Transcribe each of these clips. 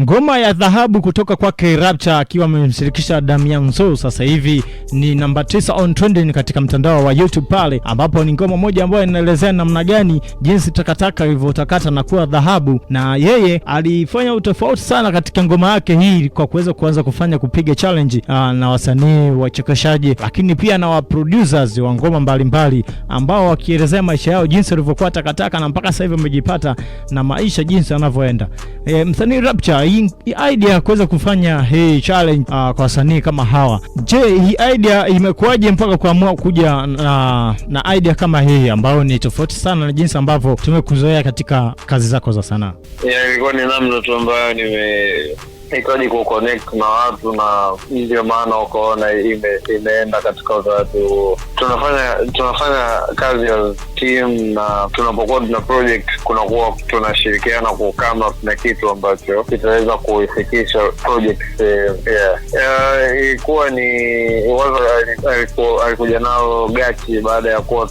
Ngoma ya dhahabu kutoka kwake Rapcha akiwa amemshirikisha Damian Soul sasa hivi ni namba tisa on trending katika mtandao wa YouTube pale, ambapo ni ngoma moja ambayo inaelezea namna gani jinsi takataka ilivyotakata na kuwa dhahabu, na yeye alifanya utofauti sana katika ngoma yake hii kwa kuweza kuanza kufanya kupiga challenge aa, ah, na wasanii wachekeshaji, lakini pia na wa producers wa ngoma mbalimbali ambao wakielezea maisha yao jinsi alivyokuwa takataka na mpaka sasa hivi na maisha jinsi anavyoenda. E, eh, msanii Rapcha hii idea ya kuweza kufanya hii challenge uh, kwa wasanii kama hawa. Je, hii idea imekuwaje mpaka kuamua kuja na, na idea kama hii ambayo ni tofauti sana na jinsi ambavyo tumekuzoea katika kazi zako za sanaa? Ilikuwa ni namna tu ambayo nime hitaji connect na watu na ndio maana ukaona ime, imeenda katika utaratibu huo. Tunafanya tunafanya kazi ya team na tunapokuwa tuna project kunakuwa tunashirikiana kwa come na kitu ambacho kitaweza kuifikisha project sehemu. Eh, ilikuwa yeah. Uh, ni wazo alikuja nao Gachi baada ya kuwa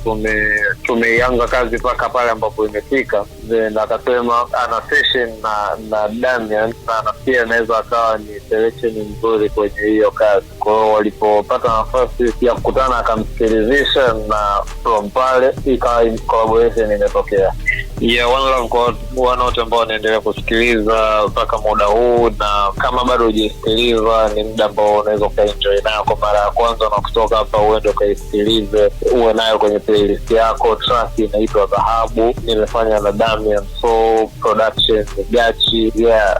tumeianza kazi mpaka pale ambapo imefika, then akasema ana session na na Damian na nafikiri anaweza akawa ni selection nzuri kwenye hiyo kazi. Kwa walipopata nafasi ya kukutana akamsikilizisha na from pale ikawa collaboration imetokea yeah, one love kwa wana wote ambao wanaendelea kusikiliza mpaka muda huu, na kama bado hujaisikiliza, ni muda ambao unaweza ukaenjoy nayo kwa mara ya kwanza, na kutoka hapa uende ukaisikilize, uwe nayo kwenye playlist yako. Track inaitwa Dhahabu, nimefanya na Damian so Production, Gachi. Yeah,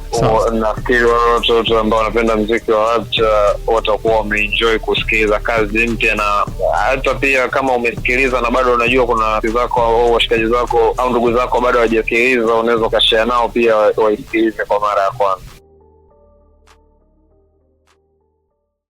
nafikiri wale wote wote ambao wanapenda mziki wa Rapture watakuwa wameenjoy kusikiliza kazi mpya, na hata pia kama umesikiliza na bado unajua kuna zako au washikaji zako au ndugu zako wako bado hawajasikiliza, unaweza ukashare nao pia waisikilize kwa mara ya kwanza.